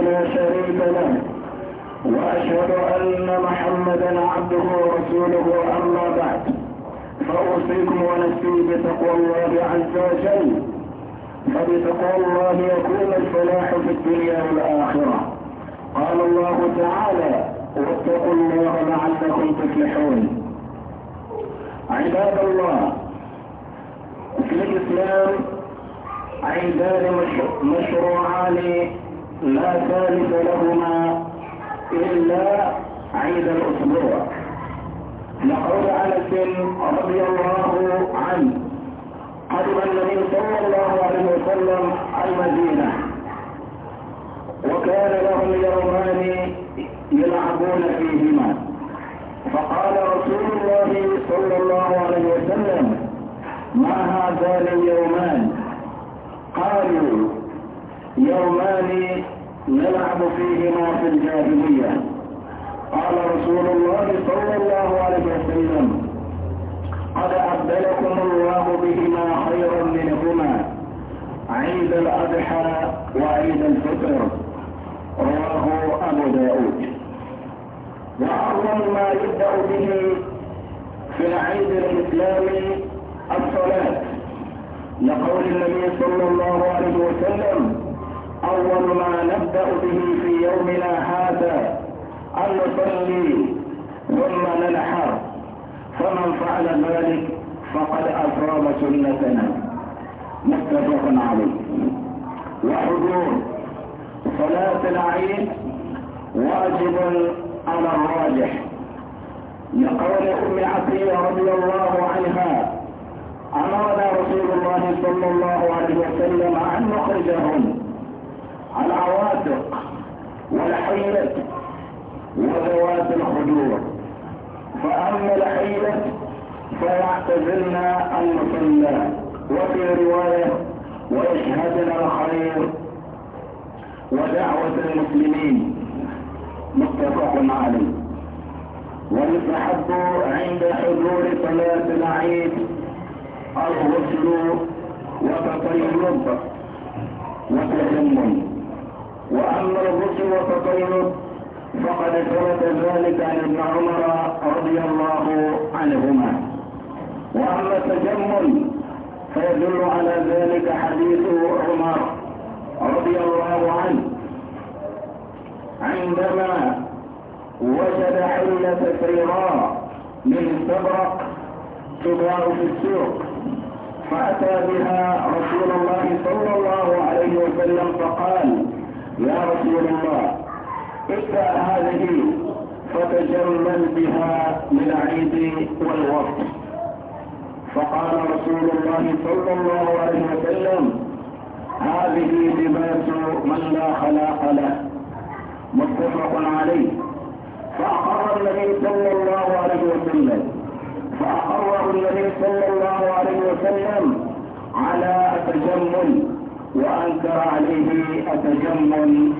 لا شريك له وأشهد أن محمدا عبده ورسوله أما بعد فأوصيكم ونفسي بتقوى الله عز وجل فبتقوى الله يكون الفلاح في الدنيا والآخرة قال الله تعالى واتقوا الله لعلكم تفلحون عباد الله في الإسلام عندنا مشروعان لا ثالث لهما إلا عيد الأسبوع لقول سن رضي الله عنه قدم النبي صلى الله عليه وسلم المدينة وكان لهم يومان يلعبون فيهما فقال رسول الله صلى الله عليه وسلم ما هذان اليومان قالوا يومان نلعب فيهما في الجاهلية قال رسول الله صلى الله عليه وسلم قد أبدلكم الله بهما خيرا منهما عيد الأضحى وعيد الفطر رواه أبو داود وأعظم ما يبدأ به في العيد الإسلامي الصلاة لقول النبي صلى الله عليه وسلم أول ما نبدأ به في يومنا هذا أن نصلي ثم ننحر فمن فعل ذلك فقد أفرغ سنتنا متفق عليه وحضور صلاة العيد واجب على الراجح لقول أم عطية رضي الله عنها أمرنا رسول الله صلى الله عليه وسلم أن نخرجهم العواتق والحيلة وذوات الخدور فأما الحيلة فيعتزلنا المصلى وفي رواية ويشهدنا الخير ودعوة المسلمين متفق عليه ويستحب عند حضور صلاة العيد الغسل وتطيب وتجمل وأما الرسل وتطيره فقد ثبت ذلك عن ابن عمر رضي الله عنهما وأما التجمل فيدل على ذلك حديث عمر رضي الله عنه عندما وجد حلة سيراء من سبرق تباع في السوق فأتى بها رسول الله صلى الله عليه وسلم فقال يا رسول الله ادفع هذه فتجمل بها للعيد والوقت فقال رسول الله صلى الله عليه وسلم هذه لباس من لا خلاق له متفق عليه فأقر النبي صلى الله عليه وسلم فأقره النبي صلى الله عليه وسلم على التجمل وأنكر عليه التجمل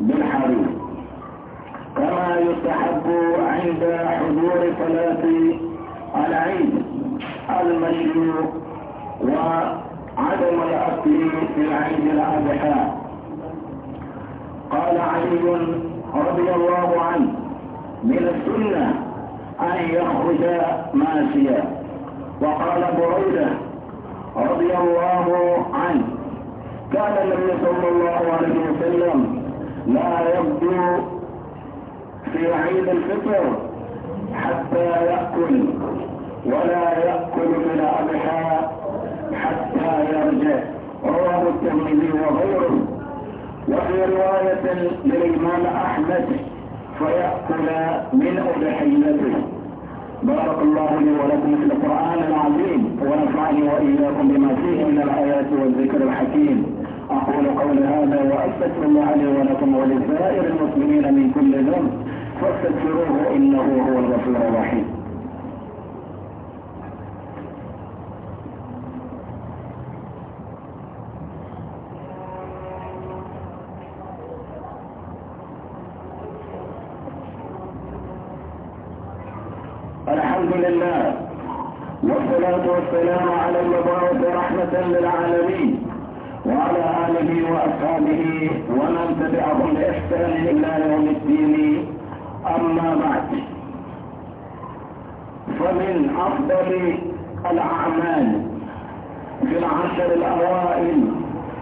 بالحريم كما يستحب عند حضور صلاة العيد المشروع وعدم الأكل في العيد الأضحى قال علي رضي الله عنه من السنة أن يخرج ماشيا وقال بريدة رضي الله عنه كان النبي صلى الله عليه وسلم لا يبدو في عيد الفطر حتى يأكل ولا يأكل من أضحى حتى يرجع رواه الترمذي وغيره وفي رواية للإمام أحمد فيأكل من أضحيته بارك الله لي ولكم في القرآن العظيم ونفعني وإياكم بما فيه من الآيات والذكر الحكيم أقول قول هذا وأستغفر الله علي ولكم ولسائر المسلمين من كل ذنب فاستغفروه إنه هو الغفور الرحيم الحمد لله والصلاة والسلام على المبعوث رحمة للعالمين وعلى آله وأصحابه ومن تبعهم بإحسان إلى يوم الدين أما بعد فمن أفضل الأعمال في العشر الأوائل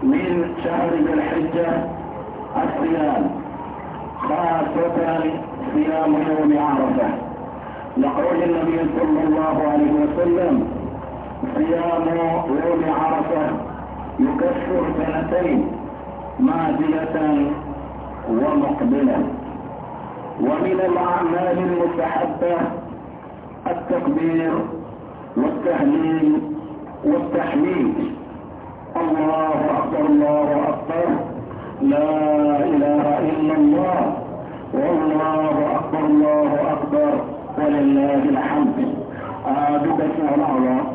من شهر ذي الحجة الصيام خاصة صيام يوم عرفة لقول النبي صلى الله عليه وسلم صيام يوم عرفة يكفر سنتين معدلة ومقبلة ومن الأعمال المستحبة التكبير والتهليل والتحميد الله أكبر الله أكبر لا إله إلا الله والله أكبر الله أكبر ولله الحمد أدوك الله العظام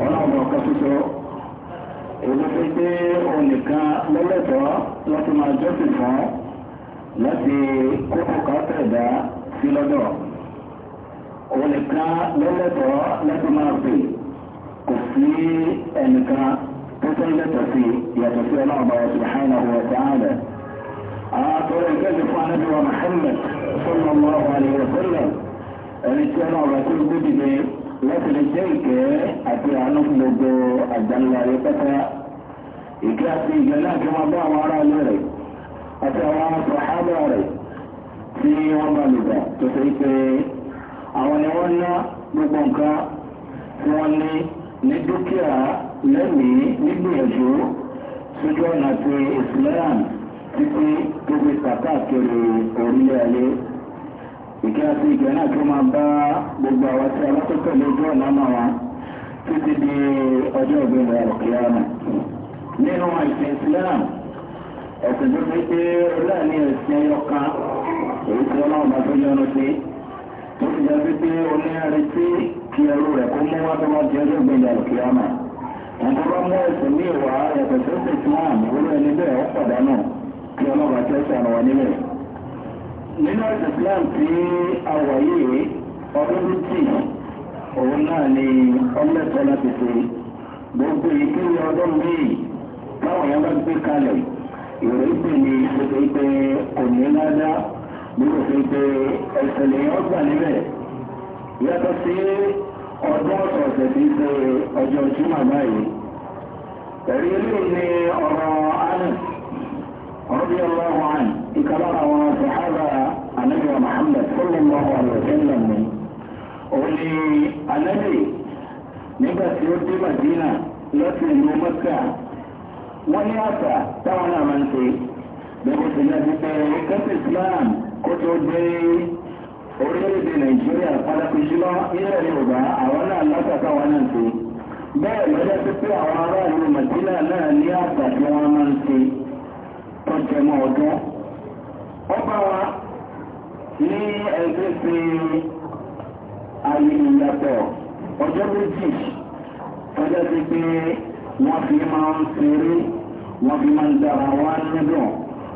والعظام كسوسه èyí fi pé òun nìkan lọ́lẹ́tọ̀ọ́ láti máa jọ́sìn fún láti kókò káfẹ̀dá sí lọ́dọ̀ òun nìkan lọ́lẹ́tọ̀ọ́ láti máa pè kò sí ẹnìkan tó tún lẹ́tọ̀ọ́ sí yàtọ̀ sí ọlọ́run bá wọ́n subhanahu wa ta'ala. àtọ́rọ ìgbẹ́jọ fún anábíwá Muhammad sallallahu alayhi wa sallam ẹni tí ọlọ́run bá tó gbé dìde láti lè jẹ́ ìkẹ́ àti àánú fún gbogbo àgbáńlá ayé pátá ìkẹ́ àti ìgbẹ́ náà kí wọ́n bá àwọn ará ilé rẹ̀ àti àwọn sàhábà rẹ̀ tí wọ́n bá lùgbà tó ṣe pé àwọn ni wọ́n ná gbogbo nǹkan tí wọ́n ní ní dúkìá lẹ́mìí nígbìyànjú sójú ọ̀nà ti Islam títí tó fi kàkà kiri orílẹ̀ ayé ìkẹ́ àti ìgbẹ́ náà tó máa bá gbogbo àwọn tí alákọ̀ọ́kọ́ lójú ọ̀nà máa wá títí di ọjọ́ ìgbìmọ̀ ọ̀kìyàmù. nínú àìsàn Islam ẹ̀sìn tó fi pé ọlọ́ọ̀ni ẹ̀sìn ẹyọkan èyí tí ọlọ́run bá tó yọnu sí tó fi jẹ́ sí pé onírin tí kí ẹrú rẹ̀ kó mú wá tó wá di ọjọ́ ìgbìmọ̀ ọ̀kìyàmù. ẹ̀sìn bá mú ẹ̀sìn ní ìwà ẹ̀sìn tó sì Islam olóyìn níbẹ̀ ọ̀pọ̀ dánù kí ọlọ́run nínú islam tí a wà yìí ọdún méjì òun náà ni ọlẹ́sọ̀ láti ṣe gbogbo ìpínlẹ̀ ọdún míì táwọn èèyàn bá gbé kalẹ̀ ìrètí ni gbogbo ìpè kò ní ládá gbogbo ìpè ẹsẹ̀ lèyàn gbà níbẹ̀ yàtọ̀ sí ọdún ọ̀sọ̀ọ̀sẹ̀ tí ṣe ọjọ́ jùmọ̀ báyìí ẹ̀rí eléyìí ni ọ̀rọ̀ ánà ọ̀rọ̀ bí ọlọ́run ánà ìkàlára àwọn sàhábà Muhammad sallallahu alaihi wa sallam ni òun ni Ànábì nígbà tí ó dé Madina lọ́sìn ìlú Mẹ́kà wọ́n ní àṣà táwọn náà máa ń ṣe gbogbo ìṣẹ̀lẹ̀ pípẹ́ kẹ́sì Islam kó tó dé orílẹ̀-èdè Nàìjíríà pàtàkì jùlọ nílẹ̀ Yorùbá àwọn náà lọ́sà táwọn náà ṣe bẹ́ẹ̀ lọ́jọ́ pípé Madina náà ní àṣà tí wọ́n máa ń ṣe tó jẹmọ́ ọdún ọba wa ní ẹgbẹ́ pé ayé ìyàtọ̀ ọjọ́ méjì ọjọ́ ti pé wọ́n fi máa ń ṣeré wọ́n fi máa ń dára wá níbọ̀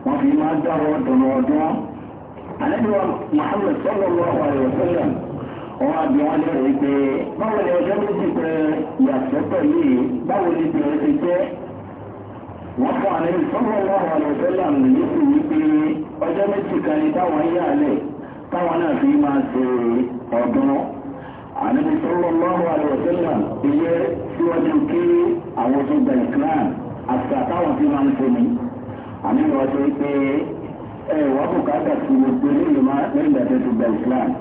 wọ́n fi máa ń dára ọ̀dọ̀nà ọ̀dọ́. àlejò Muhammad sallallahu alaihi wasallam ọwọ́ àbí wọn lè rí pé báwo ni ọjọ́ méjì pé ìyàsọ́tọ̀ yìí báwo ni bẹ̀rẹ̀ ti jẹ́ wọ́n fún àlejò sallallahu alaihi wasallam nìyí sì wí pé ọjọ́ méjì kan ní táwọn yà lẹ̀ táwọn náà fi máa ṣe ọ̀dún ànábi sallallahu alaihi wa sallam iye síwájú kí àwọn tó gba ìsìlámù àṣà táwọn fi máa ń ṣe ni ànábi wọ́n ṣe pé ẹ wọ́n kò ká dà sí gbogbo eléyìí máa lẹ́yìn ìgbà tó ti gba ìsìlámù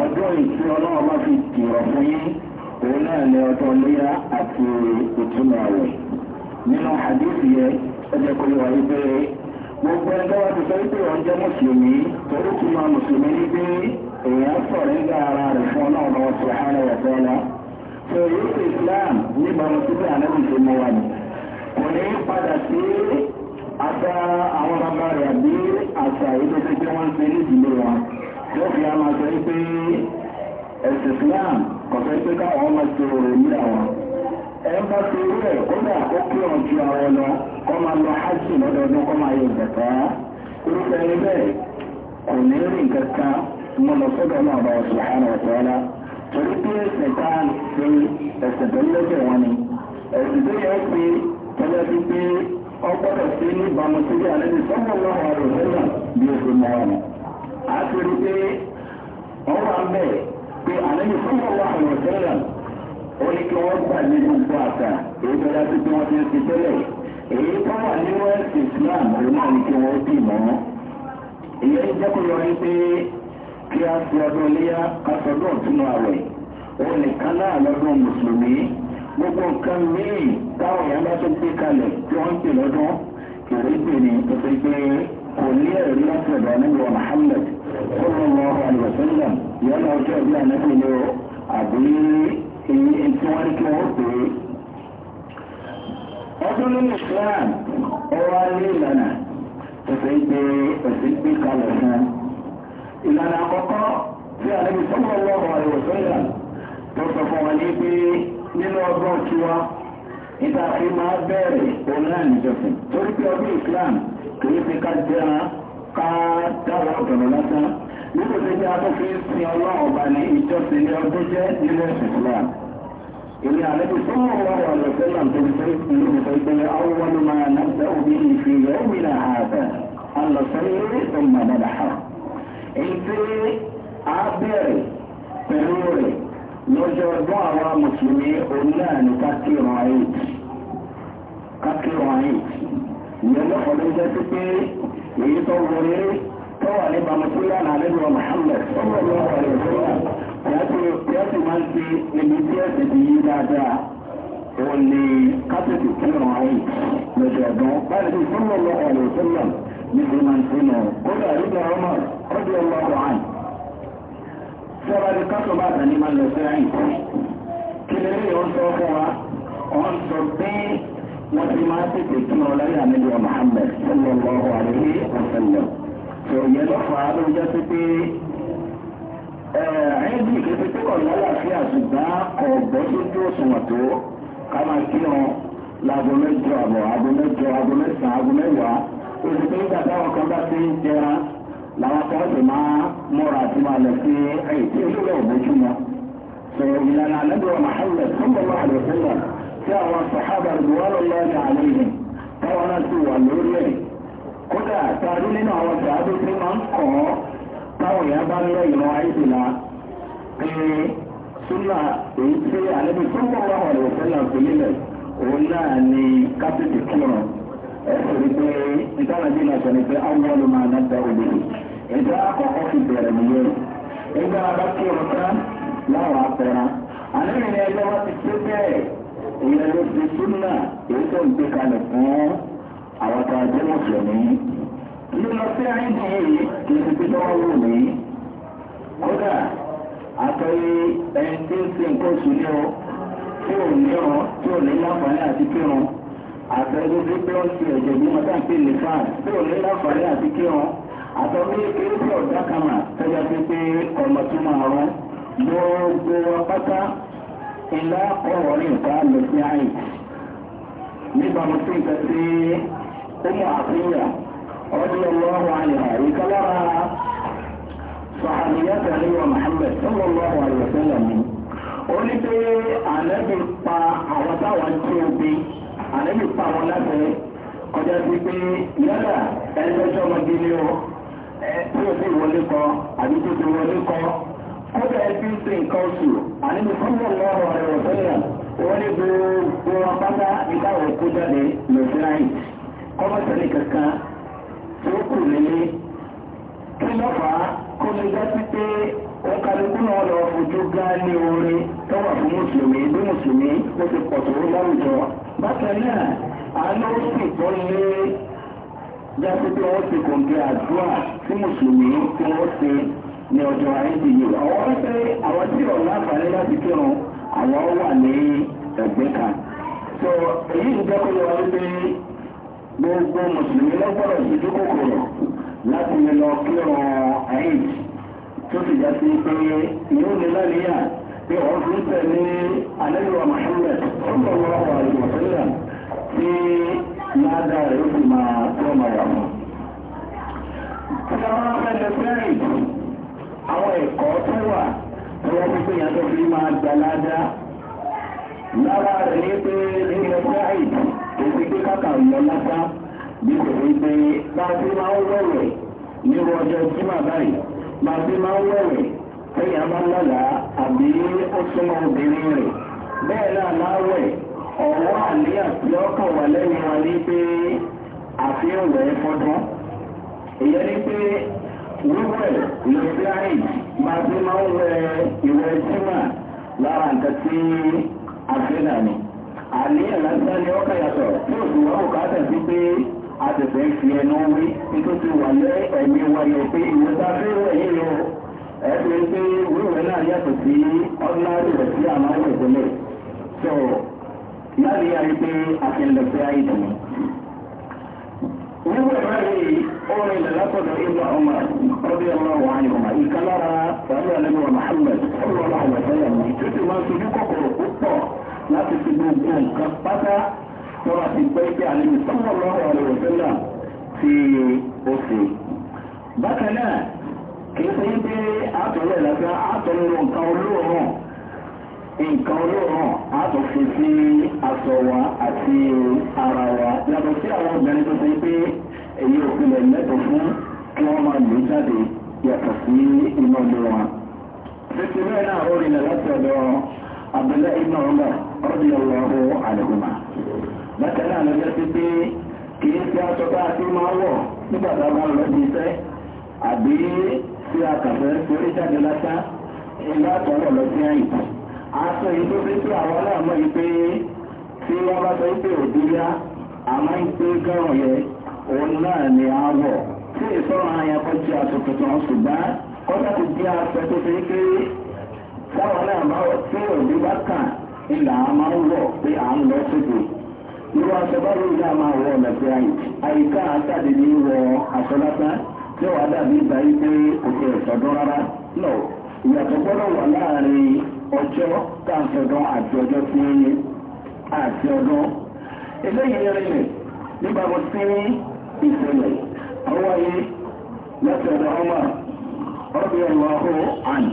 ọjọ́ ìtí ọlọ́run bá fi kìlọ̀ fún yín òun náà ní ọjọ́ léyà àti ìtumọ̀ rẹ̀ nínú àdéhùn yẹn ó jẹ́ kó yẹ wáyé pé gbogbo ẹgbẹ́ wa ti sọ wípé wọ́n jẹ́ mùsùlùmí torí kí máa mùsùlùmí ní bí èèyàn sọ̀rọ̀ nígbà ara rẹ̀ fún ọlọ́run ọ̀rọ̀ sùhánà ẹ̀fẹ́ náà. tó yóò fi Islam níbàámu síbi ànábì tó mọ wa ni. kò ní padà sí àṣà àwọn bàbá rẹ̀ àbí àṣà ìlú tó tí wọ́n ń ṣe ní ìdílé wọn. yóò fi àmà sọ wípé ẹ̀sìn Islam kọ̀ọ̀fẹ́ pé káwọn ọmọ ti rò ẹ bá ti rí ẹ̀ kódà ó kí wọn ju àwọn lọ kọ́ máa lọ hajj lọ́dọọdún kọ́ máa yọ ìgbẹ̀fẹ́ irúfẹ́ ẹni bẹ́ẹ̀ kò ní rí nǹkan kan mọ́ lọ sọ́dọ̀ náà bá wọn subhanahu wa ta'ala torí pé ẹsẹ̀ tá a ṣe ẹsẹ̀ tó lẹ́sẹ̀ wọn ni ẹ̀sìn tó yẹ pé tọ́lá ti pé ọgbọ́dọ̀ sí níbàámu sí bí alẹ́ ní sọ́kọ̀ lọ́wọ́ rẹ̀ lọ́nà bí ó ní kí wọ́n gbà ní gbogbo àgbà èyí tó dájú pé wọ́n ti ń fi tẹ́lẹ̀ èyí tó wà ní west islam ló náà ní kí wọ́n dì mọ́ ìyẹn jẹ́ kó yọrí pé kí a fi ọdún iléyà kásọdún ọ̀túnú àwẹ̀ òun nìkan náà lọ́dún mùsùlùmí gbogbo nǹkan míì táwọn èèyàn bá tó gbé kalẹ̀ tí wọ́n ń pè lọ́dún kìrì pè ní tó fi pé kò ní ẹ̀rí láti ọ̀dọ̀ anábìwọ̀n muhammed kó lọ́wọ́ àlùbọ̀sẹ́lẹ̀ yọ̀ọ́ lọ́jọ́ bí anábìwọ̀n àbí èyí tí wọ́n tí wọ́n pè é ọdún ní Islam ọwọ́ alẹ́ ìlànà ẹ̀sẹ̀ ìgbé ẹ̀sẹ̀ ìgbé kalẹ̀ fún ìlànà àkọ́kọ́ tí àlẹ́bí sọ́kọ̀ lọ́wọ́ àìwọ̀ sọ́yà tó sọ fún wọn ní pé nínú ọgbọ́n tiwa níta fi máa bẹ̀rẹ̀ òun náà níjọsìn torí pé ọdún nínú ìgbésẹ̀ afẹ́fẹ́ sí ọlọ́run bá ní ìjọsìn ní ọdún jẹ́ nílẹ̀ Islam èmi àlejò tó mọ̀ wá wà lọ́sẹ̀ náà tó fi ìlú ìfẹ́gbẹ́ awọ́wọ́n máa ná sẹ́wọ̀n bí ìfìyà omi náà àbẹ̀ alọ́sẹ̀lẹ̀ ọmọ àbẹ̀dà ha. èyí tí a bẹ̀rẹ̀ pẹ̀lú rẹ̀ lọ́jọ́ ọdún àwa mùsùlùmí òun náà ní kákìrọ̀ ayé kákìrọ̀ ayé ìyẹn lọ́kọ̀ọ́ ló jẹ́ pé èyí tó wọlé tó wà ní bàmùsílẹ̀ náà lẹ́nu wa Muhammad ọmọ ìlú ọ̀rọ̀ ìṣúná tí a sì máa ń ṣe níbi tí a sì ti yí dáadáa òun ni kátìkì kírun ayé lọ́jọ́ ọ̀dún báyìí ní sọ́nà ọ̀rọ̀ ọ̀rọ̀ ìṣúná ní ti máa ń ṣe nù kódà ìgbà ọmọ ọdún ọmọ ọ̀rọ̀ àyè tí a bá bá tà máa lọ sí àyè kí lè rí ọ̀sọ́ fún wa ọ̀n sọ bí wọ́n ti máa tètè kí wọn lọ́yà níbi wa Muhammad sọ́nà ọ̀rọ̀ àyè ọ̀sẹ̀ lọ́wọ́ ìyẹn ló fà á ló jẹ́ sí pé ẹ̀ẹ́dì kìí tó kọ̀ lálàáfíà ṣùgbọ́n ọ̀gbọ́ sójú òṣùwọ̀n tó ká máa kí wọn láago mẹ́jọ àbọ̀ aago mẹ́jọ aago mẹ́sàn-án aago mẹ́wàá oṣù tó ń gbà táwọn kan bá ti ń jẹra làwọn kan sì máa múra àti máa lọ sí ẹ̀yìnkí olóògbé òbójúmọ́ sọ ìlànà àlẹ́bíwọ̀n Muhammad sallallahu alaihi wasallam tí àwọn sàhábà kódà tàbí nínú àwọn ìdájọ́ tí máa ń kọ́ táwọn èèyàn bá lọ ìran àìsìnà pé súnà èyí tí àlẹ́bí tó ń bọ̀ wá ọ̀rọ̀ ìfẹ́lẹ̀ ìpínlẹ̀ òun náà ni kápẹ́tì kírun ẹ̀sìn rí pé ìtàwọn ìdí ìlànà ni pé àwọn ọ̀rọ̀ máa ná da òde ìdá àkọ́kọ́ fi bẹ̀rẹ̀ nìyẹn ìgbà bá kírun tán láwọn apẹ̀rẹ̀ àlẹ́bí ni ẹgbẹ́ wá ti tó bẹ́ẹ̀ ìyẹn ló fi àwọn tá a jẹ́ mùsùlùmí. lílọ sí àìsàn yìí kì í ti fi lọ́wọ́ wò mí. kódà àtọ́yé ẹni tí ń sin nǹkan oṣù ní ọ tí ò ní ọ tí ò ní láǹfààní àti kírun. àtọ́yé tó gbé ọ́ sí ẹ̀jẹ̀ bí wọ́n tá à ń pè ní fáà tí ò ní láǹfààní àti kírun. àtọ́yé kéré sí ọ̀dà kama tọ́jà pé pé ọmọ tó máa rán gbogbo apáta ìlà ọ̀rọ̀ ní lọ sí àìsàn. nígbà mo tún ń tẹ́ sí أم عطية رضي الله عنها يكلمها صحابيتها هي محمد صلى الله عليه وسلم قلت النبي pa àwọn táwọn tí pa wọn láti kọjá sí pé yálà ẹlẹ́jọ́ ọmọdé ni ó tí ó sì kọ́mọ̀tẹ̀lẹ̀ kankan tí ó kù nílé kí ló fà á kó lè já sí pé òun kálukú náà lọ fojú gá ní orin tó wà fún mùsùlùmí bí mùsùlùmí ó ti pọ̀ tó láwùjọ. bákan náà àánú ó sì tó lé já sí pé wọ́n ti kòǹgẹ́ àdúrà tí mùsùlùmí tí wọ́n ṣe ní ọjọ́ àyíǹde yìí. àwọn ọ̀sẹ̀ àwọn tí ọ̀la àǹfààní láti kírun àwọn wà ní ẹ̀gbẹ́ kan. sọ èyí ń jẹ́ kó lọ́wọ́ gbogbo mùsùlùmí lọ́gbọ̀rọ̀ ìdí kòkòrò láti lè lọ kírun eid tó sì já sí pé ìlú ní lálẹ́yà pé wọ́n fi ń tẹ̀lé alẹ́lúwa Muhammad sallallahu alaihi wasallam tí ládà rẹ̀ ó sì máa tó ọmọ rẹ̀ mọ́. Sáwọn afẹ́lẹ́ fẹ́rìn àwọn ẹ̀kọ́ tó wà tó wọ́n fi pé yàtọ̀ fi máa gbà ládà. Lára rẹ̀ ní pé ní èyí pé káka ìyọ lásán bí kò rí pé bá a ti máa ń wẹ̀wẹ̀ ní ọjọ́ jimá báyìí bá a ti máa ń wẹ̀wẹ̀ ẹ̀yà máa ń lọ́la àbí ó súnmọ́ obìnrin rẹ̀ bẹ́ẹ̀ náà láwẹ̀ ọ̀wọ́ àníyàn tí ọkàn wà lẹ́yìn wa ní pé àfihàn rẹ̀ fọdún ìyẹn ni pé wíwẹ̀ lọ́sí àìd máa ti máa ń wẹ ìwẹ̀ jimá lára nǹkan tí a fẹ́ nà àníyàn lásán ni ọkà yàtọ̀ tí òsì wọn kò káàtà sí pé àtẹ̀tẹ̀ fi ẹnu wí títí ti wà lé ẹ̀mí wáyé pé ìwé lọ pé wíwẹ̀ náà yàtọ̀ sí rẹ̀ sí ìpínlẹ̀ tó láti yára pé wíwẹ̀ orin ibà ọmọ ọdún wà ní ọmọ ìkálára pẹ̀lú máa ń sojú púpọ̀ láti fi mú nǹkan nǹkan pátá lọ́wọ́ àti pé kí àlejò sọ́wọ́ lọ́wọ́ rẹ̀ òṣèlú ti oṣù. bákan náà kì í ṣe ń pé àtọ̀lẹ̀ lọ́sẹ̀ àtọ̀lẹ̀ nǹkan olóòórùn nǹkan olóòórùn àtọ̀fẹ́ sí aṣọ wa àti ara wa yàtọ̀ sí àwọn obìnrin tó ṣe pé èyí òpinlẹ̀ lẹ́tọ̀ fún kí wọ́n máa lò jáde yàtọ̀ sí iná ilé wọn. fífi bẹ́ẹ̀ náà ó rìnlẹ̀ láti ọ̀dọ̀ abdullahi ibn umar ọdún ọ̀rọ̀ ọ̀hún àlùkùmá. bákan náà lọ́jọ́ sí pé kì í ṣe aṣọ bá a ti máa wọ̀ nígbà tá a bá lọ sí iṣẹ́ àbí tí a kàn fẹ́ torí jáde lásán ilé àtọ̀wọ̀ lọ sí àyìn. aṣọ yìí tó fi tú àwọn náà yìí pé tí wọ́n bá sọ pé òbí yá àmọ́ ìpè gẹ́rọ̀ yẹ òun náà ni a wọ̀ tí ìsọ̀rọ̀ àyàn kan ti aṣọ tuntun ṣùgbọ́n kọ́tà ti di aṣọ tó fi pé táwọn náà tí òbí bá kàn ìlà a máa ń wọ̀ pé à ń lọ sódò irú ni a máa wọ ọ̀nà pé àyíká àtàdé ní wọ aṣọ lásán tí wàá dàbí ìgbà yìí pé kò tẹ̀ sọ́dún rárá lọ ìyàtọ̀ gbọ́dọ̀ wà láàrin ọjọ́ káàsọ̀dún àti ọjọ́ tí ń yé àti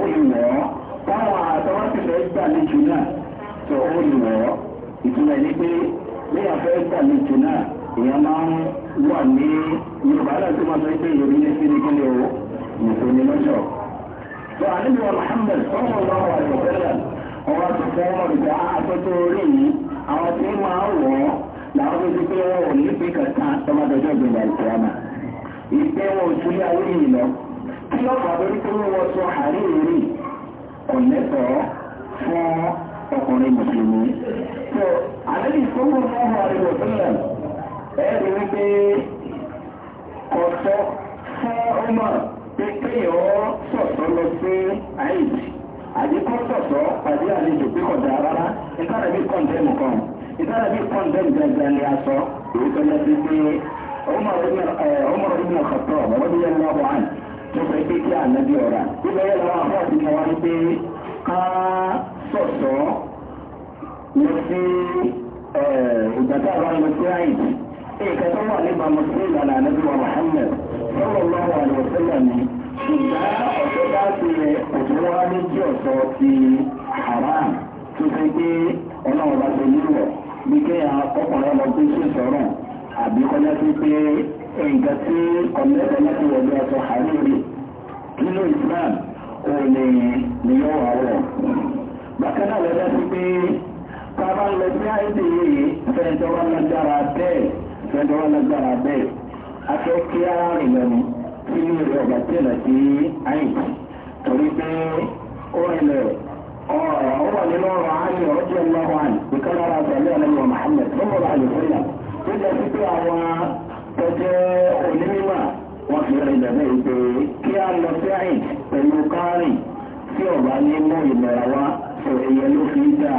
ó lè wọ́ táwọn àtọwọ́sílẹ̀ gbàlejò náà tó ó lè wọ́ ìtumọ̀ ní pé léèyàn fẹ́ gbàlejò náà èèyàn máa ń wà ní yorùbá náà tó máa sọ pé yorùbá ní sí ní kíni o nìkan ní lọ́jọ́. tó àlejò wa Muhammad sọ́wọ́n bá wà lọ́sẹ̀lẹ̀ ọ̀rọ̀ tó fẹ́ ah, wọn rẹ̀ àtọ́tọ́ ò tún yá orí yìí lọ tí ọ̀pọ̀ àbẹ́rí tó ń wọ sọ àríyìnrì kò lẹ́tọ̀ọ́ fún ọkùnrin mùsùlùmí. tó àlejò tó ń wọ ọmọ àríwọ̀ sílẹ̀ ẹ rí wípé kò sọ fún ọmọ pé kéèyàn sọ̀tọ̀ lọ sí àìsí àdínkù sọ̀tọ̀ pàdé àlejò pé kọjá rárá ìtàrà bí kọ̀ǹdẹ́mù kan ìtàrà bí kọ̀ǹdẹ́mù gẹ́gẹ́ ni a sọ èyí tó lọ sí pé ọmọ ọdún ọ̀kọ̀tọ̀ ọ̀rọ̀ bí ẹ lọ́wọ́ àná nípa ẹgbẹ́ tí ànábì ọ̀rà nígbà yẹn lọ́wọ́ àwọn ọ̀sìn kan wá ń pé ká sọ̀sọ́ lọ sí ìgbà tá a bá sí àìsí èèkà tó wà nípa mùsùlùmí ìlànà ànábì wa Muhammad sọ́wọ́ lọ́wọ́ àlùfẹ́lẹ̀ mi ìgbà ọ̀sẹ̀ bá ti rẹ̀ òtún wá ní kí ọ̀sọ́ ti haram tó fẹ́ pé ọlọ́run bá ṣe nílò bí kéèyàn ọkùnrin ọmọ tó ṣe sọ̀rọ̀ àbí kọjá nínú islam òun ni nìyẹn wà wọ̀. bákan náà lọ́jà sí pé ká bá ń lọ sí àìsí yìí fẹ́ntọ́ wà lágbára bẹ́ẹ̀ fẹ́ntọ́ wà lágbára bẹ́ẹ̀ afẹ́ kí ara rìn lẹ́nu kí ní ìrẹ̀ ọ̀gá tẹ̀lé sí àìsí torí pé ó rìnlẹ̀ ọ̀rọ̀ wà nínú ọ̀rọ̀ àyè ọjọ́ ìlọ́wọ́ àyè ìkọ́lá ara sọ̀lẹ́ ọ̀lẹ́wọ̀ Muhammad lọ́wọ́ bá àyè fúnlẹ̀ tó jẹ́ sí pé àwọn tọ́jẹ́ onímọ̀ wọ́n fi rẹ̀ ìdàgbẹ́ ìpè kí a lọ sí àyìn pẹ̀lú kárìn tí ọ̀bá ní mú ìlera wá sọ ìyẹn ló fi dá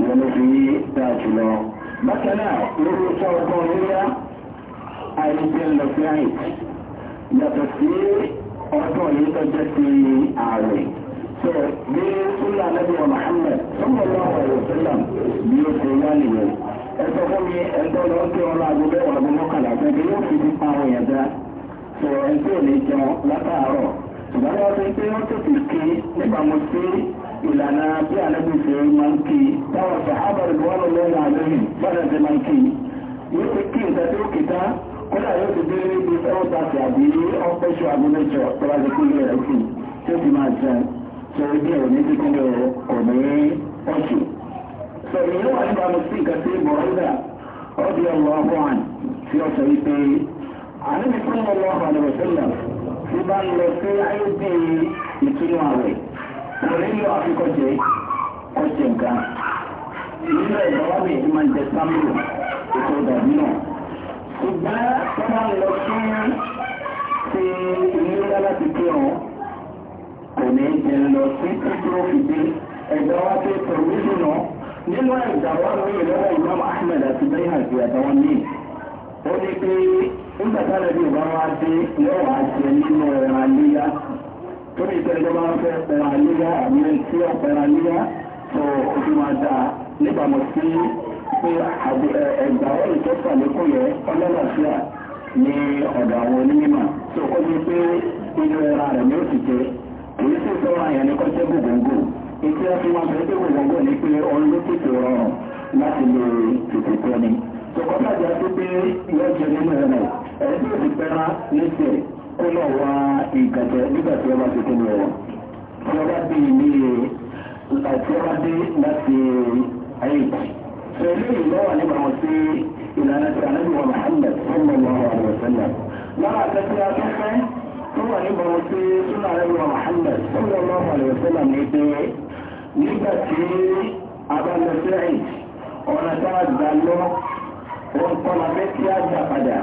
ìyẹn ló fi dá jùlọ. bákan náà lórí iṣẹ́ ọgbọ́n yíyá àìsí lọ sí àyìn yàtọ̀ sí ọgbọ́n yìí tó jẹ́ sí ààrẹ. sọ bí súnlá nàbí wa Muhammad sallallahu alaihi wasallam bí ó ṣe wá nìyẹn. ẹ sọ fún mi ẹgbẹ́ lọ́ọ́ tí ọlọ́ àgbo bẹ́ẹ̀ wà gbọ́mọ́kàlà fẹ́ yóò fi fi pa àwọn èèyàn ẹ̀rọ tí ò ní jẹun látàárọ̀ ṣùgbọ́n wọ́n ti pé wọ́n tètè ké níbàámu sí ìlànà bí anábìsẹ̀ máa ń ké táwọn sàhábà rẹ̀ wọ́n lọ lọ́wọ́ àlẹ́yìn bọ́dà ti máa ń ké yóò ti ké nǹkan tó ké tá kódà yóò ti dé níbi ẹ̀rọ tàbí àbí ọ̀pẹ̀ṣọ àbí mẹ́jọ tó bá ti kúlẹ̀ rẹ̀ sí tó ti máa jẹun tó ibi ẹ̀ ní kíkúlẹ̀ kò ní ọ̀ṣù. sọ̀rọ̀ yìí wà níbàámu sí nǹkan tí bọ̀ọ́dà ọ̀dì ọ̀lọ́ àníbi tí wọ́n lọ àdàbọ̀ sẹ́lẹ̀ tí bá ń lọ sí ayé bí ìtúnú àwẹ̀ pẹ̀lú ìlú àfikọ́jẹ́ ọ̀jẹ̀ nǹkan nínú ẹ̀dá wà ní ìdí máa ń jẹ sámúlò ètò ìdàbí náà ṣùgbọ́n tó máa ń lọ sí ti ìlú láti kí ọ̀ kò ní jẹ lọ sí títúró fìdí ẹ̀dá wà tó tọ̀rọ̀ náà nínú ẹ̀dá wà ní ìlú Imam Ahmed àti bẹ́ẹ̀ àti àtàwọn míì ó ní pé nígbà tá lẹ́bi ìwà wa dé lẹ́wọ̀n àti nínú ẹ̀ràn àléyá tó ní ìtẹ́lẹ́jọ́ máa ń fẹ́ ẹ̀ràn àléyá àmì tí ó ẹ̀ràn àléyá tó ojú máa dà níbàámu sí pé ẹ̀gbà ọ̀rẹ́ tó sàlékún yẹ ọlọ́lọ́fíà ní ọ̀dọ̀ àwọn onímọ̀ tó kọ́ ní pé inú ẹ̀ràn rẹ̀ ní òtítẹ́ èyí sì sọ́ra yẹn ní kọ́jẹ́ gbogbogbò ìtí a fi máa fẹ́ dé gbogbogbò ní pé ọ̀rẹ́ ló tètè rọrùn láti tó pé yọjẹ nínú ẹ̀rọ ẹ̀ẹ́dẹ̀gbẹ̀rá lẹ́sẹ̀ kó lọ wá ìgbàjẹ́ nígbà tí wọ́n bá ti kúrò wọn. tí wọ́n bá dé ilé àti wọ́n bá dé láti ayé. pẹ̀lú ìlọ́wà nígbà wọn sí ìlànà tí anábì wa Muhammad sallallahu alaihi wa sallam. lára àtẹ́tẹ́ afẹ́fẹ́ tó wà nígbà wọn sí súnà anábì wa Muhammad sallallahu alaihi wa sallam ní pé nígbà tí a lọ sí ayé ọ̀nà tá a gbà lọ wọ́n kọ́ la fẹ́ kí a gbà padà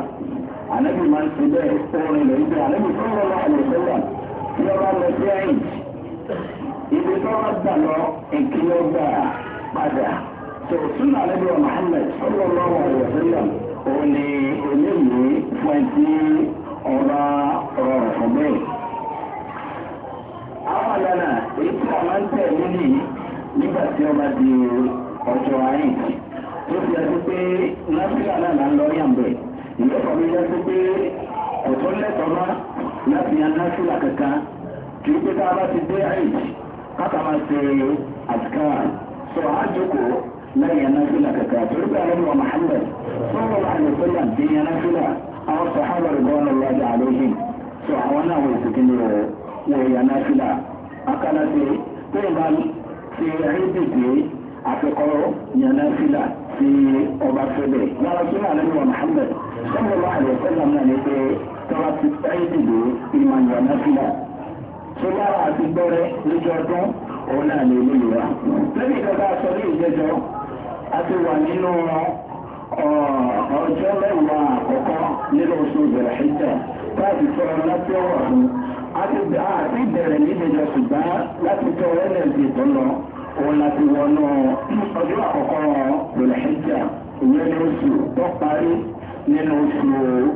ànábì máa ń ṣe bẹ́ẹ̀ sọ́run ilẹ̀ ibi ànábì sọ́run lọ́wọ́ àlùfẹ́wà ní ọba lọ sí ẹ̀yìn ibi tọ́wọ́ gbà lọ ìkíni ọgbà padà tó sún ànábì wa Muhammad sọ́run lọ́wọ́ àlùfẹ́wà òní eléyìí fún ẹtí ọba rọrùn fún bẹ́ẹ̀. àwọn àlànà èyí tí a máa ń tẹ̀ nílì nígbà tí ọba di ọjọ́ àyìn tó fi ẹni pé násìlà náà là ń lọ yàgbẹ́ ìjọba mi yá sí pé ọ̀tọ́ lẹ́tọ̀ọ́ má láti yan násìlà kankan kì í pé tá a bá ti dé àìjì káka máa ṣe àtìká sọ àjòkòó lẹ́yìn yan násìlà kankan torí pé àlọ́ wa Muhammad sọ́wọ́n wa àlọ́ sọ́lá ti yan násìlà àwọn sọ̀hábà rẹ̀ bọ́ọ̀lù lọ́jà àlóyìn sọ àwọn náà wọ̀ ìsìnkú ni wọ̀ wọ̀ yan násìlà akálàṣe pé ìbá ṣe àìjì dé àfikọ́ yan násìlà tí ọba fẹ́lẹ̀ lára tí náà lẹ́nu Muhammad sọ́nà wà àlẹ́ sọ́nà náà ní pé tọ́lá ti táyé dìbò ìmọ̀ ìwà náà fìlà tó lára àti gbọ́rẹ́ lójú ọdún òun náà lè lè wá. lẹ́yìn ìjọba aṣọ ní ìjẹjọ a ti wà nínú ọjọ́ mẹ́wàá àkọ́kọ́ nínú oṣù bẹ̀rẹ̀ ṣíjà láti tọ́ láti ọwọ́ ọ̀hún àti bẹ̀rẹ̀ níbi ìjọ ṣùgbọ́n láti tọ́ ọ òun láti wọnú ọjọ́ àkọ́kọ́ lòlẹ́jà ìyẹn ní oṣù tó parí nínú oṣù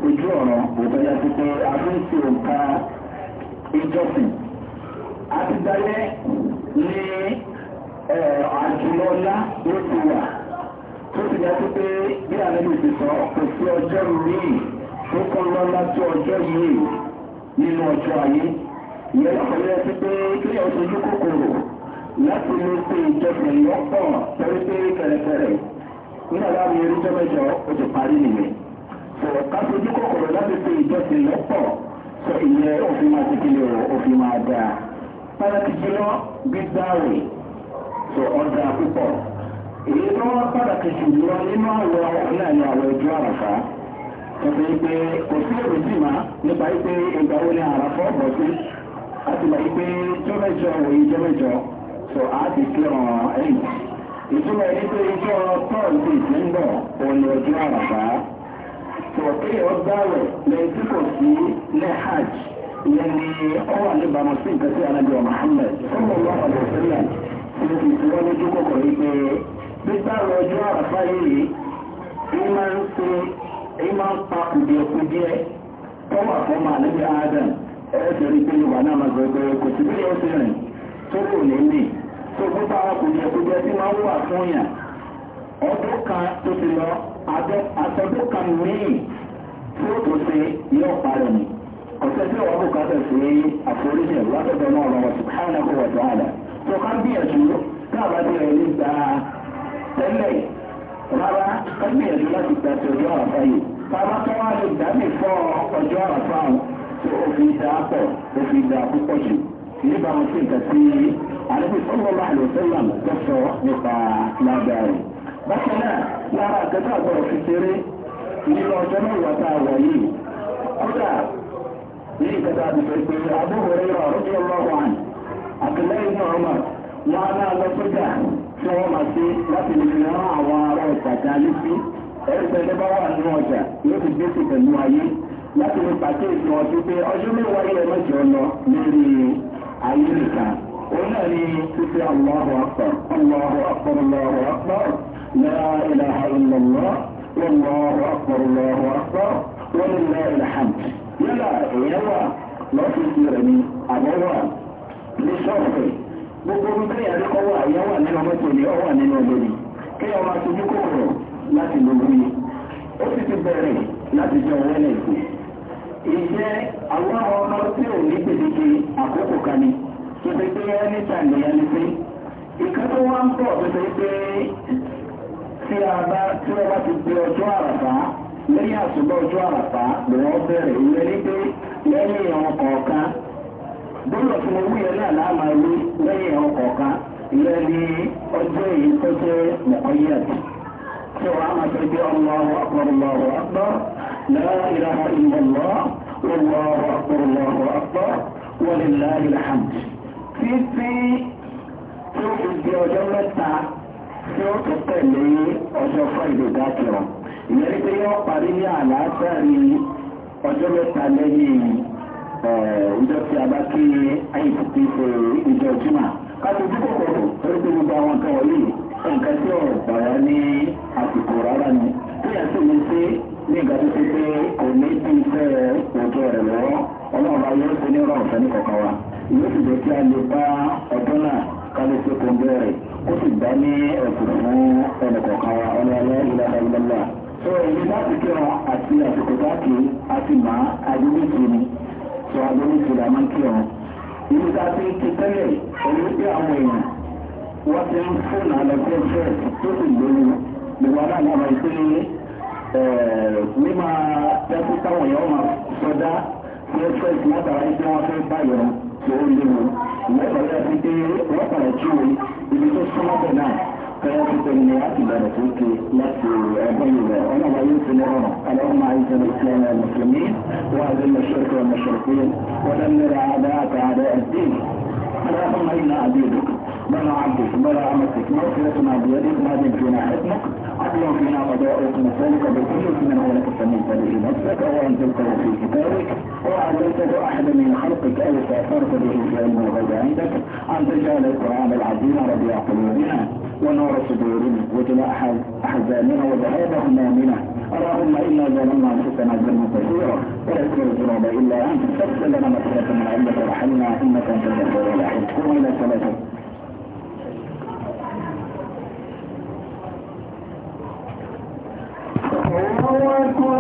ojú ọ̀ràn òtọ́jà ti pé àfúnṣe òǹkà ìjọsìn. àtidálẹ́ ní àjùlọ ńlá ló ti wà tó ti dá sí pé bí àlejò ti sọ kò sí ọjọ́ míì tó kọ́ lọ́lá tó ọjọ́ yìí nínú ọjọ́ ayé ìyẹn lọ́kọ̀ọ́ yẹ sí pé kí ẹ̀ sojú kòkòrò láti lè ṣe ìjọsìn lọ́pọ̀ torí pé kẹrẹkẹrẹ nígbà láàrin eréjọ́ mẹ́jọ o ti parí nìyẹn. sọ̀rọ̀ ká fojú kòkòrò láti ṣe ìjọsìn lọ́pọ̀ sọ ìyẹn òfin máa ti kílè o òfin máa dáa. pàtàkì jùlọ gbígbá rè sọ ọ̀dà púpọ̀. èyí tó wá pàtàkì jùlọ nínú àwọ̀ náà ni àwọ̀ ẹjọ́ àràfà. ọ̀sẹ̀ ìpè kò sí èrò sí ma nípa ìpè ìgbà wo ni àràfà ọ̀bọ̀ sí. a ti mọ̀ ìpè jọ́mẹ́jọ òye jọ́mẹ́jọ so a ti kí ọ̀ràn ẹ̀yìn ìtumọ̀ ẹni pé ijọ́ tọ́ọ̀dù ti ń bọ̀ òní ọjọ́ àràbá so ọ lẹ́yìn tí kò sí hajj ìyẹn ni ọ wà níbàámu sí nǹkan tí anábìá Muhammad sọ́kọ̀ wà ọ̀dọ̀ sílẹ̀ tí ó ti wọ́n lójú kọ̀kọ̀ yìí pé ọjọ́ àràbá yìí ń ń pa kùdìẹ̀kùdìẹ̀ tọ́wọ́ Adam pé náà máa gbẹgbẹ́ kò sí bí ó tó fún táwọn kò jẹ kó jẹ tí máa ń wà fún yàn ọdún kan tó ti lọ àtọ́dún kan míì tí ó tó ṣe yóò parẹ́ ni ọ̀sẹ̀ tí wọ́n bùkátà sí àforíjì ẹ̀rọ látọ̀dọ̀ náà lọ́wọ́ subhanahu wa ta'ala tó ká gbìyànjú káàbá tí ẹ̀ ní gba tẹ́lẹ̀ rárá ká gbìyànjú láti gba ti ọjọ́ àràfá yìí bàbá tó wá lè dá mi fọ́ ọjọ́ àràfá wọn dà pọ̀ o dà púpọ̀ jù níbàámu sí ìgbà àlejò sọ́lọ́lá àlùsọ́làm tó sọ nípa lágbàáyé. bákan náà lára àkẹ́kọ̀ọ́ àgbọ̀rọ̀ fi ṣeré nínú ọjọ́ mẹ́wàá tá a wọ̀ yìí kódà ní ìkẹta àbùsọ̀ ìpè àbúrò rẹ̀ rọ̀ lójú ọlọ́wọ́ àná àtìlẹ́yìn náà mọ̀ wọn á lọ sójà tí wọ́n máa ṣe láti lè rán àwọn ará ìtajà létí ẹ̀rẹ́sẹ̀ ní wà nínú ọjà yóò ti gbé sí ayé láti lè pàṣẹ ìsìn pé ọdún mẹ́wàá yẹn mọ̀jọ́ lọ lórí ayé nìkan. ونعني تسع الله أكبر الله أكبر الله أكبر لا إله إلا الله والله أكبر الله أكبر ولله الحمد يلا يلا lọ fi ti rẹ̀ ní àbọ̀wà ní sọ́ọ̀fẹ̀ gbogbo orí bẹ́ẹ̀ rí ọwà ìyáwà nínú mọ́tòlì ọwà nínú ọlọ́ni kí ọ máa tojú kòkòrò láti lórí ó sì ti bẹ̀rẹ̀ láti jẹ ọwọ́ ẹ̀lẹ́gbẹ̀ẹ́ ìjẹ́ àwọn ọmọ tí ò ní gbèdéke àkókò kan ni tó ṣe pé ẹni tàbí ẹni pé ìkan tó wá ń bọ̀ tó ṣe pé tí a bá tí wọ́n bá ti gbé ọjọ́ àràfá lẹ́yìn àsùnbọ̀ ọjọ́ àràfá ni wọ́n bẹ̀rẹ̀ ìyẹn ní pé lẹ́yìn ìran kọ̀ọ̀kan bọ́lọ̀ fún owó yẹn náà láàmà wí lẹ́yìn ìran kọ̀ọ̀kan ìyẹn ní ọjọ́ èyí tó jẹ́ mọ̀kọ́yẹ̀dì tí wọ́n á máa fẹ́ gbé ọlọ́wọ́ ọlọ́wọ́ ọgbọ́ lẹ́yìn ìlànà ìmọ̀lọ́ títí tó fi di ọjọ́ mẹ́ta tí ó tó tẹ̀lé ọjọ́ fún ìdòdákìrọ̀ ìyẹn pé yóò parí ní àlàáfẹ́rí ọjọ́ mẹ́ta lẹ́yìn ìjọ tí a bá kí àyíkùtì fún ìjọ jùmọ̀ káàtó tí kò torí pé gbogbo àwọn kan nǹkan tí ní àsìkò rárá ni tí a sì ní ìgbà tó pé kò ní bí iṣẹ́ òjò ìyẹn ti jẹ́ kí a lè bá ọdún náà kálí sí kóńgẹ́ rẹ̀ ó sì gbá ní ẹ̀kú fún ẹnìkọ̀ọ̀kan wa ọlọ́ọ̀lọ́ ìlànà ìlànà. sọ èyí láti kírun àti àsìkò táàkì àti màá adúlùsì ni sọ adúlùsì là máa ń kírun. ìlú ta ti ti tẹ́lẹ̀ ẹni pé àwọn èèyàn wọ́n ti ń fún àlọ́jẹ́ fẹ́ tó sì lóyún ìwà náà lọ́wọ́ ìpínlẹ̀ mímọ́ dẹ́kun táwọn èèyàn máa sọdá fẹ́ẹ́ fẹ́ẹ́ sí látara ẹgbẹ́ wọn fẹ́ báyọ̀ lórí ilé wọn lẹ́kọ̀ọ́ yẹ fi dé wọ́pọ̀ ẹ̀jú ibi tó súnmọ́ bẹ̀ náà kẹ́yà ti tẹ̀lé ní láti bẹ̀rẹ̀ tó ké láti ẹgbẹ́ ìwẹ̀ ọlọ́wà yóò fi lọ́rọ̀ اللهم أعز الدين اللهم إنا عبيدك بلا عبدك بلا أمتك مغفرتنا بيدك ما دمت في اللهم انا قضاءك نسالك بكل من هو لك سميت به نفسك او انزلته في كتابك او علمته احدا من خلقك او سافرت به في علم الغيب عندك ان تجعل القران العظيم ربيع قلوبنا ونور صدورنا وجلاء احزاننا وذهاب همامنا اللهم انا ظلمنا انفسنا ظلما كثيرا ولا يذكر الذنوب الا انت فاغفر لنا مغفره من عندك وارحمنا انك انت الغفور الرحيم قوموا الى one